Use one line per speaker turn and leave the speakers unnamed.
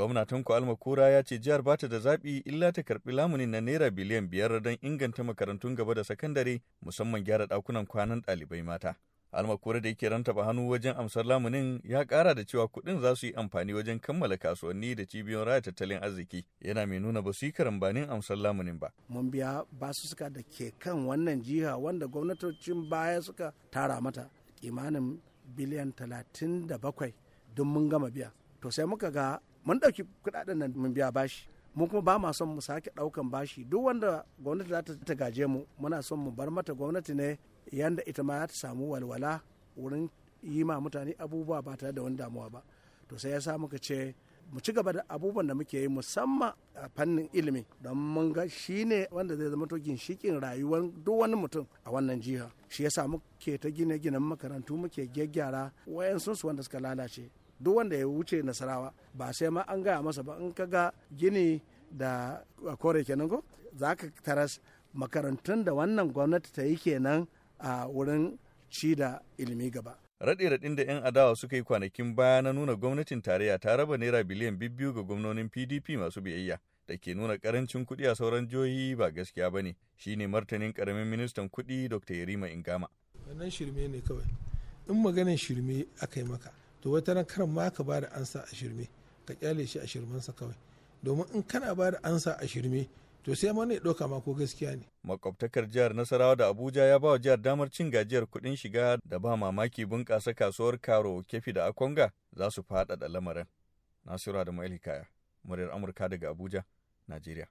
Gwamna Tanko Almakura ya ce jihar bata da zaɓi illa ta karɓi lamunin na naira biliyan biyar don inganta makarantun gaba da sakandare musamman gyara ɗakunan kwanan ɗalibai mata. Almakura da yake rantaba hannu wajen amsar lamunin ya ƙara da cewa kuɗin za su yi amfani wajen kammala kasuwanni da cibiyoyin raya tattalin arziki yana mai nuna ba su yi karambanin amsar lamunin ba.
Mun biya basussuka da ke kan wannan jiha wanda gwamnatocin baya suka tara mata kimanin biliyan talatin da bakwai don mun gama biya. To sai muka ga mun ɗauki kuɗaɗen nan mun biya bashi mun kuma ba ma son mu sake ɗaukan bashi duk wanda gwamnati za ta gaje mu muna son mu bar mata gwamnati ne yanda ita ma ta samu walwala wurin yi ma mutane abubuwa ba tare da wani damuwa ba to sai ya sa muka ce mu ci gaba da abubuwan da muke yi musamman a fannin ilimi don mun ga shi ne wanda zai zama tokin ginshikin rayuwar duk wani mutum a wannan jiha shi ya yasa muke ta gine ginen makarantu muke gyaggyara wayan su wanda suka lalace duk wanda ya wuce nasarawa ba sai ma an gaya masa ba in ka ga gini da kore kenan ko za ka taras makarantun da wannan gwamnati ta yi kenan a wurin ci da ilimi
gaba raɗe-raɗin da 'yan adawa suka yi kwanakin baya na nuna gwamnatin tarayya ta raba naira biliyan biyu ga gwamnonin pdp masu biyayya da ke nuna karancin kuɗi a sauran jihohi ba gaskiya ba ne shine martanin karamin ministan kuɗi dr yarima ingama
wannan shirme ne kawai in maganin shirme aka yi maka to wata nan karan ma ka bada ansa a shirme ka kyale shi a shirmansa kawai domin in kana bada ansa a shirme to sai mana ya ɗauka ma ko gaskiya
ne. Makwabtakar jihar Nasarawa da Abuja ya ba wa jihar damar cin gajiyar kuɗin shiga da ba mamaki bunƙasa kasuwar Karo, Kefi da akonga za su faɗaɗa lamarin. Nasura da Ma'il muryar Amurka daga Abuja, Najeriya.